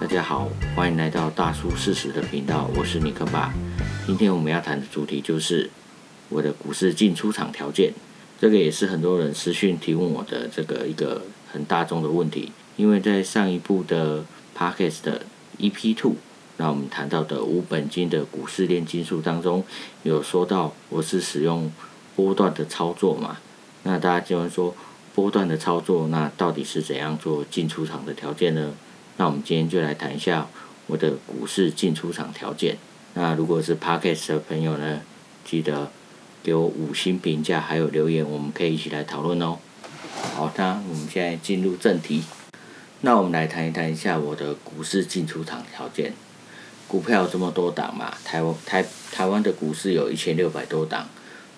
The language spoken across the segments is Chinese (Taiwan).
大家好，歡迎來到大叔四十的頻道，我是尼克爸。今天我們要談的主題就是我的股市進出場條件，這個也是很多人私訊提問我的這個一個很大眾的問題。因為在上一部的 podcast 的 EP two，那我們談到的無本金的股市煉金術當中，有說到我是使用波段的操作嘛，那大家經常說波段的操作，那到底是怎樣做進出場的條件呢？那我們今天就來談一下我的股市進出場條件。那如果是 Podcast 的朋友呢，記得給我五星評價，還有留言，我們可以一起來討論哦。好，那我們現在進入正題。那我們來談一談一下我的股市進出場條件。股票這麼多檔嘛，台灣台台灣的股市有一千六百多檔。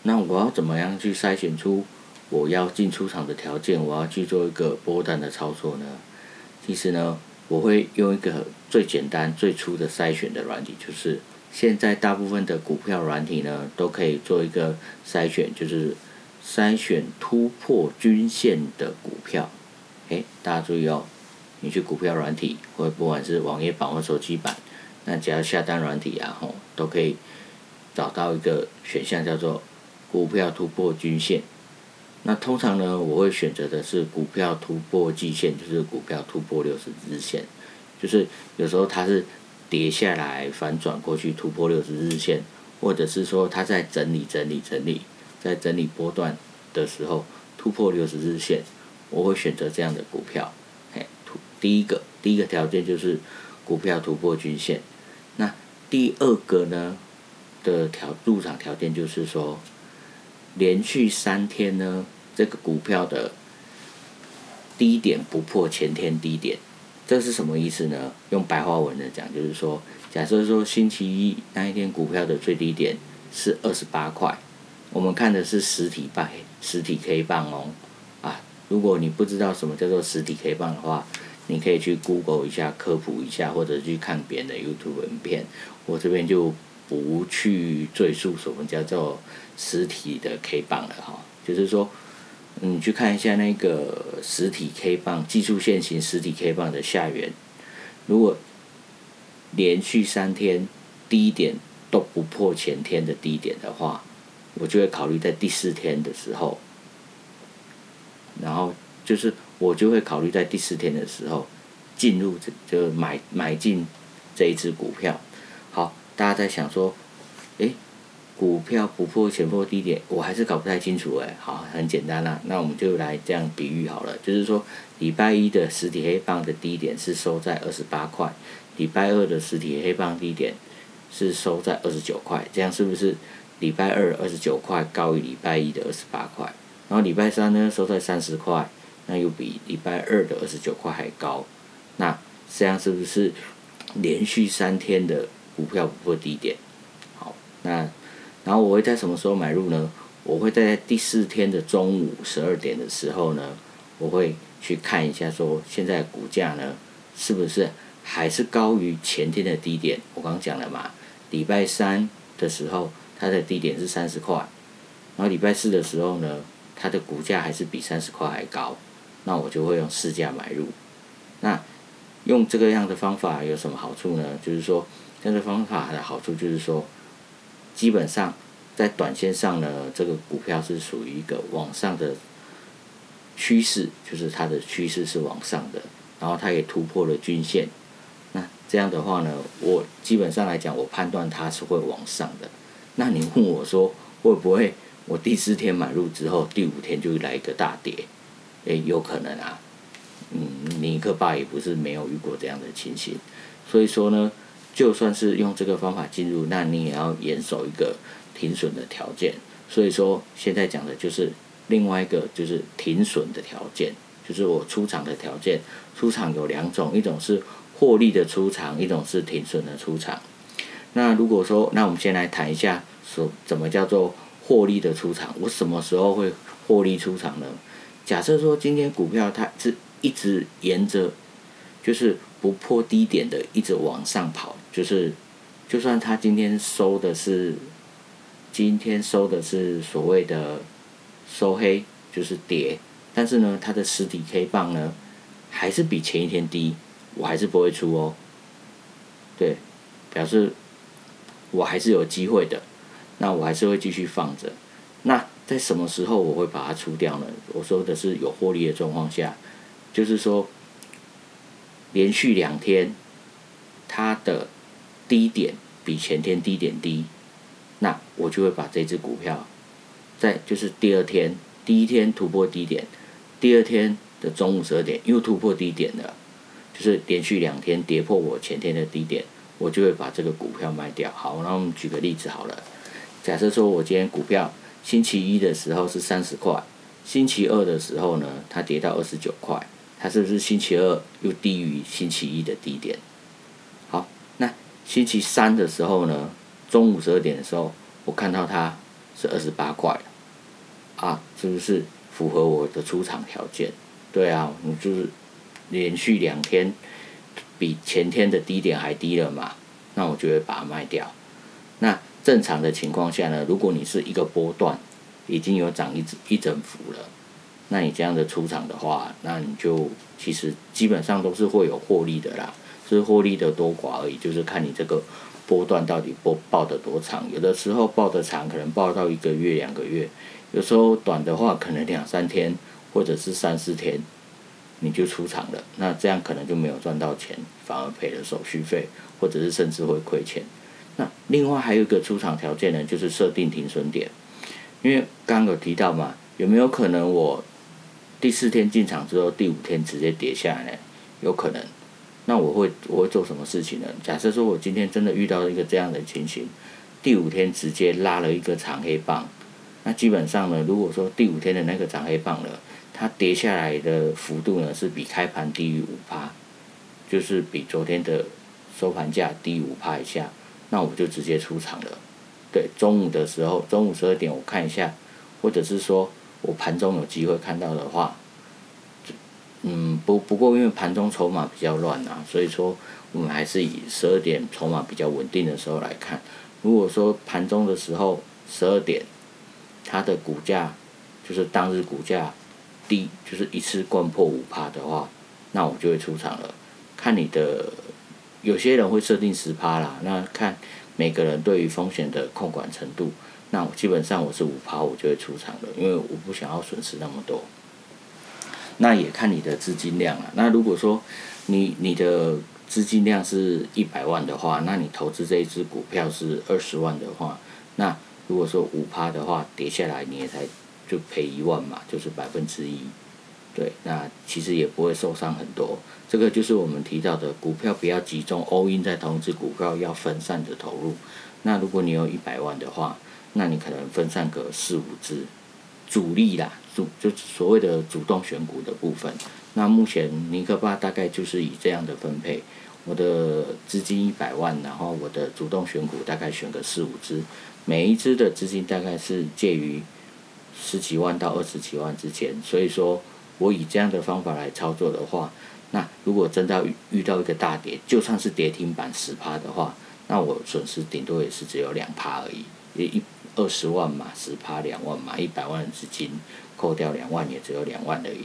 那我要怎麼樣去篩選出我要進出場的條件？我要去做一個波段的操作呢？其實呢，我會用一個最簡單、最初的篩選的軟體，就是現在大部分的股票軟體呢，都可以做一個篩選，就是篩選突破均線的股票。哎，大家注意哦，你去股票軟體，或不管是網頁版或手機版，那只要下單軟體啊吼，都可以找到一個選項，叫做股票突破均線。那通常呢，我會選擇的是股票突破季線，就是股票突破六十日線。就是有時候它是跌下來反轉過去突破六十日線，或者是說它在整理整理整理，在整理波段的時候突破六十日線，我會選擇這樣的股票。誒，突第一個第一個條件就是股票突破均線。那第二個呢的條入場條件就是說。連續三天呢，這個股票的低點不破前天低點，這是什麼意思呢？用白話文來講，就是說，假設說星期一那一天股票的最低點是二十八塊，我們看的是實體 K 實體 K 棒哦、喔，啊，如果你不知道什麼叫做實體 K 棒的話，你可以去 Google 一下科普一下，或者去看別人的 YouTube 影片，我這邊就。不去贅述什麼叫做實體的 K 棒了哈，就是說，你去看一下那個實體 K 棒技術線型實體 K 棒的下緣，如果連續三天低點都不破前天的低點的話，我就會考慮在第四天的時候，然後就是我就會考慮在第四天的時候進入，這就買買進這一只股票。大家在想說，誒、欸，股票不破前波低點，我還是搞不太清楚誒、欸，好，很簡單啦、啊，那我們就來這樣比喻好了，就是說，禮拜一的實體 K 棒的低點是收在二十八塊，禮拜二的實體 K 棒低點是收在二十九塊，這樣是不是禮拜二二十九塊高於禮拜一的二十八塊？然後禮拜三呢收在三十塊，那又比禮拜二的二十九塊還高，那這樣是不是連續三天的？股票不破低點，好，那然後我會在什麼時候買入呢？我會在第四天的中午十二點的時候呢，我會去看一下，說現在的股價呢是不是還是高於前天的低點？我剛講了嘛，禮拜三的時候它的低點是三十塊，然後禮拜四的時候呢，它的股價還是比三十塊還高，那我就會用市價買入。那用這個樣的方法有什麼好處呢？就是說，這樣的方法的好處就是說，基本上在短線上呢，這個股票是屬於一個往上的趨勢，就是它的趨勢是往上的，然後它也突破了均線。那這樣的話呢，我基本上來講，我判斷它是會往上的。那你問我說，會不會我第四天買入之後，第五天就來一個大跌？哎，有可能啊。嗯，尼克爸也不是沒有遇過這樣的情形，所以說呢，就算是用這個方法進入，那你也要嚴守一個停損的條件。所以說現在講的就是另外一個，就是停損的條件，就是我出場的條件。出場有兩種，一種是獲利的出場，一種是停損的出場。那如果說，那我們先來談一下，說怎麼叫做獲利的出場？我什麼時候會獲利出場呢？假設說今天股票它是。一直沿着，就是不破低點的，一直往上跑。就是，就算他今天收的是，今天收的是所謂的收黑，就是跌，但是呢，它的實體 K 棒呢，還是比前一天低，我還是不會出哦。對，表示我還是有機會的，那我還是會繼續放着。那在什麼時候我會把它出掉呢？我說的是有獲利的狀況下。就是說，連續兩天，它的低點比前天低點低，那我就會把這隻股票，在就是第二天，第一天突破低點，第二天的中午十二點又突破低點了，就是連續兩天跌破我前天的低點，我就會把這個股票賣掉。好，那我們舉個例子好了，假設說我今天股票星期一的時候是三十塊，星期二的時候呢，它跌到二十九塊。它是不是星期二又低於星期一的低點？好，那星期三的時候呢？中午十二點的時候，我看到它是二十八塊，啊，是不是符合我的出場條件？對啊，你就是連續兩天比前天的低點還低了嘛，那我就會把它賣掉。那正常的情況下呢？如果你是一個波段，已經有漲一整一整幅了。那你這樣的出場的話，那你就其實基本上都是會有獲利的啦，是獲利的多寡而已，就是看你這個波段到底波抱得多長。有的時候抱得長，可能抱到一個月、兩個月；有時候短的話，可能兩三天或者是三四天，你就出場了。那這樣可能就沒有賺到錢，反而賠了手續費，或者是甚至會虧錢。那另外還有一個出場條件呢，就是設定停損點，因為剛剛有提到嘛，有沒有可能我？第四天進場之後，第五天直接跌下來呢，有可能。那我會我會做什麼事情呢？假設說我今天真的遇到一個這樣的情形，第五天直接拉了一個長黑棒，那基本上呢，如果說第五天的那個長黑棒呢，它跌下來的幅度呢是比開盤低於五趴，就是比昨天的收盤價低五趴以下，那我就直接出場了。對，中午的時候，中午十二點我看一下，或者是說。我盤中有機會看到的話，嗯，不不過因為盤中籌碼比較亂啊，所以說我們還是以十二點籌碼比較穩定的時候來看。如果說盤中的時候十二點，它的股價就是當日股價低，就是一次灌破五趴的話，那我就會出場了。看你的，有些人會設定十趴啦，那看每個人對於風險的控管程度。那我基本上我是五趴我就會出場了，因為我不想要損失那麼多。那也看你的資金量了啊。那如果說你你的資金量是一百萬的話，那你投資這一只股票是二十萬的話，那如果說五趴的話，跌下來你也才就賠一萬嘛，就是百分之一。對，那其實也不會受傷很多。這個就是我們提到的股票不要集中，all in 在同一只股票要分散的投入。那如果你有一百萬的話，那你可能分散個四五支，主力啦，主就所謂的主動選股的部分。那目前尼克爸大概就是以這樣的分配，我的資金一百萬，然後我的主動選股大概選個四五支，每一支的資金大概是介於十幾萬到二十幾萬之間。所以說，我以這樣的方法來操作的話，那如果真的遇到一個大跌，就算是跌停板十趴的話，那我損失頂多也是只有兩趴而已，也一。二十萬嘛，十趴兩萬嘛，一百萬的資金，扣掉兩萬也只有兩萬而已。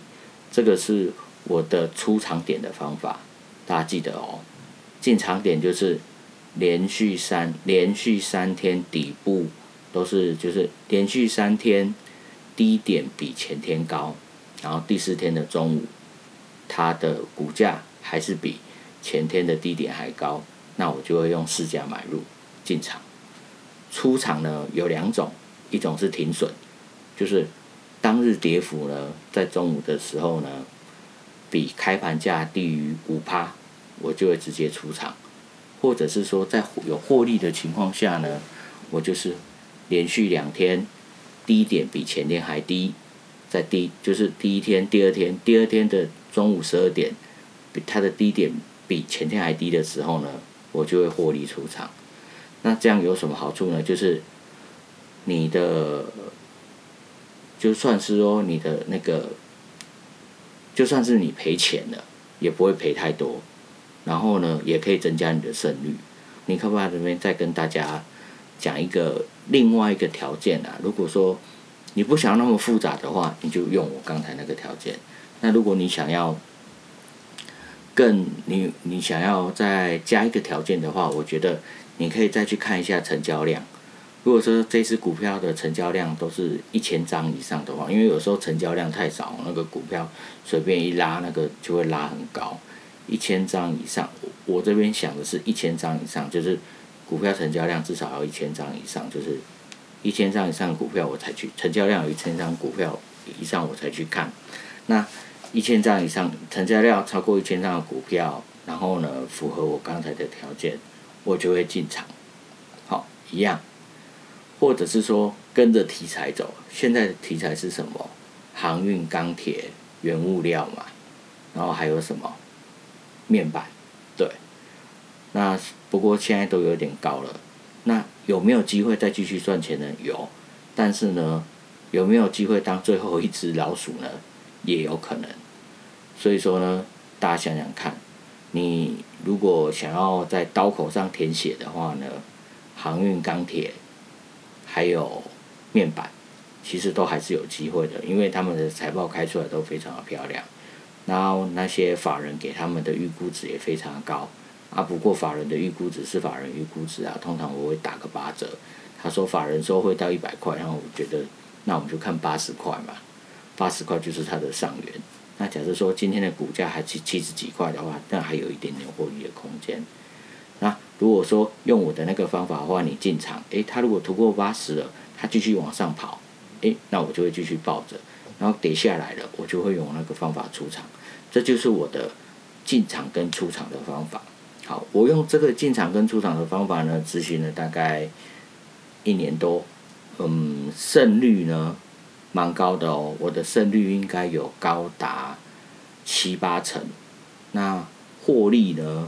這個是我的出場點的方法，大家記得哦。進場點就是連續三連續三天底部都是就是連續三天低點比前天高，然後第四天的中午，它的股價還是比前天的低點還高，那我就會用市價買入進場。出場呢有兩種，一種是停損，就是當日跌幅呢在中午的時候呢，比開盤價低於五趴，我就會直接出場；或者是說在有獲利的情況下呢，我就是連續兩天低點比前天還低，再低就是第一天、第二天，第二天的中午十二點，比它的低點比前天還低的時候呢，我就會獲利出場。那這樣有什麼好處呢？就是你的，就算是說你的那個，就算是你賠錢了，也不會賠太多。然後呢，也可以增加你的勝率。你可不可以在這邊再跟大家講一個另外一個條件啊？如果說你不想要那麼複雜的話，你就用我剛才那個條件。那如果你想要更，你，你想要再加一個條件的話，我覺得。你可以再去看一下成交量。如果說這隻股票的成交量都是一千張以上的話，因為有時候成交量太少，那個股票隨便一拉，那個就會拉很高。一千張以上我，我這邊想的是一千張以上，就是股票成交量至少要一千張以上，就是一千張以上的股票我才去，成交量有一千張股票以上我才去看。那一千張以上成交量超過一千張的股票，然後呢，符合我剛才的條件。我就會進場，好、哦、一樣，或者是說跟着題材走。現在的題材是什麼？航運、鋼鐵、原物料嘛，然後還有什麼？面板，對。那不過現在都有點高了。那有沒有機會再繼續賺錢呢？有。但是呢，有沒有機會當最後一隻老鼠呢？也有可能。所以說呢，大家想想看。你如果想要在刀口上舔血的話呢，航運、鋼鐵，還有面板，其實都還是有機會的，因為他們的財報開出來都非常的漂亮，然後那些法人給他們的預估值也非常的高啊。不過法人的預估值是法人預估值啊，通常我會打個八折。他說法人說會到一百塊，然後我覺得那我們就看八十塊嘛，八十塊就是他的上緣。那假如說今天的股價還是七十幾塊的話，那還有一點點獲利的空間。那如果說用我的那個方法的話，你進場，哎、欸，它如果突破八十了，它繼續往上跑，哎、欸，那我就會繼續抱着，然後跌下來了，我就會用那個方法出場。這就是我的進場跟出場的方法。好，我用這個進場跟出場的方法呢，執行了大概一年多，嗯，勝率呢？蠻高的哦，我的勝率應該有高達七八成，那獲利呢？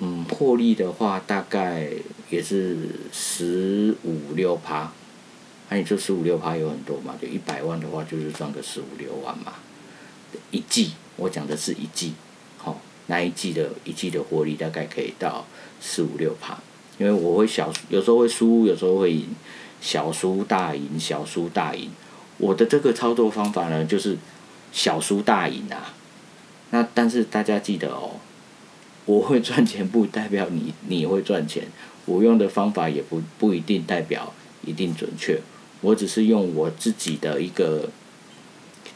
嗯，獲利的話大概也是十五六趴，那、啊、你說十五六趴有很多嘛？就一百萬的話，就是賺個十五六萬嘛。一季，我講的是一季，好、哦，那一季的一季的獲利大概可以到十五六趴，因為我會小，有時候會輸，有時候會贏。小輸大贏，小輸大贏。我的這個操作方法呢，就是小輸大贏啊。那但是大家記得哦，我會賺錢不代表你你會賺錢，我用的方法也不不一定代表一定準確。我只是用我自己的一個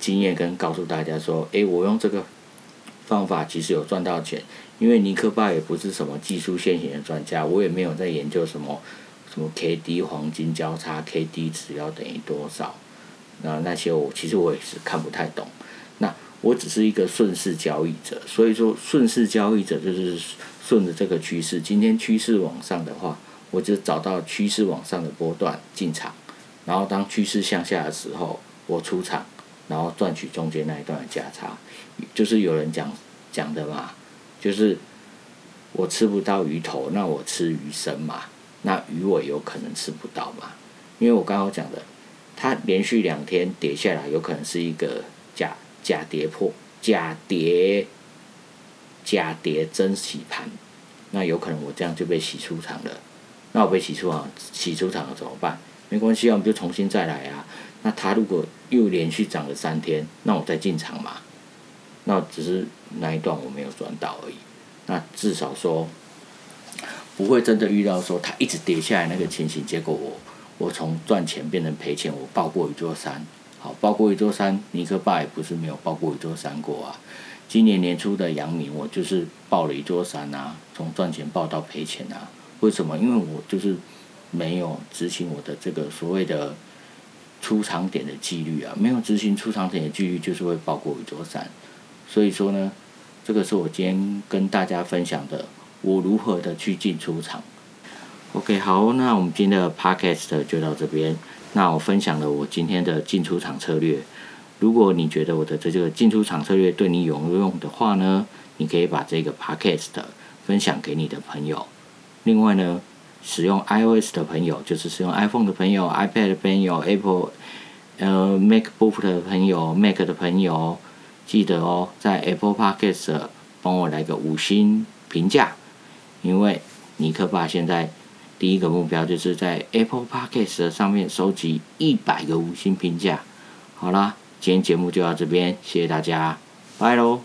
經驗跟告訴大家說，哎、欸，我用這個方法其實有賺到錢。因為尼克爸也不是什麼技術先行的專家，我也沒有在研究什麼。什麼 KD 黃金交叉，KD 值要等於多少？那那些我其實我也是看不太懂。那我只是一個順勢交易者，所以說順勢交易者就是順着這個趨勢，今天趨勢往上的話，我就找到趨勢往上的波段進場，然後當趨勢向下的時候，我出場，然後賺取中間那一段的價差。就是有人講講的嘛，就是我吃不到魚頭，那我吃魚身嘛。那魚尾有可能吃不到嘛。因為我剛剛講的，它連續兩天跌下來，有可能是一個假假跌破，假跌、假跌真洗盤，那有可能我這樣就被洗出場了。那我被洗出場，洗出場了怎麼辦？沒關係，我們就重新再來啊。那它如果又連續漲了三天，那我再進場嘛。那只是那一段我沒有賺到而已。那至少說，不會真的遇到說他一直跌下來那個情形，結果我我從賺錢變成賠錢，我抱過一座山，好，抱過一座山，尼克爸也不是沒有抱過一座山過啊。今年年初的陽明，我就是抱了一座山啊，從賺錢抱到賠錢啊。為什麼？因為我就是沒有執行我的這個所謂的出場點的紀律啊，沒有執行出場點的紀律，就是會抱過一座山。所以說呢，這個是我今天跟大家分享的。我如何的去進出場？OK，好哦，那我們今天的 Podcast 就到這邊。那我分享了我今天的進出場策略。如果你覺得我的這個進出場策略對你有用的話呢，你可以把這個 Podcast 分享給你的朋友。另外呢，使用 iOS 的朋友，就是使用 iPhone 的朋友、iPad 的朋友、Apple 呃 MacBook 的朋友、Mac 的朋友，記得哦，在 Apple Podcast 幫我來個五星評價。因為尼克爸現在第一個目標就是在 Apple Podcast 上面收集一百個五星評價。好啦，今天節目就到這邊，謝謝大家，拜嘍。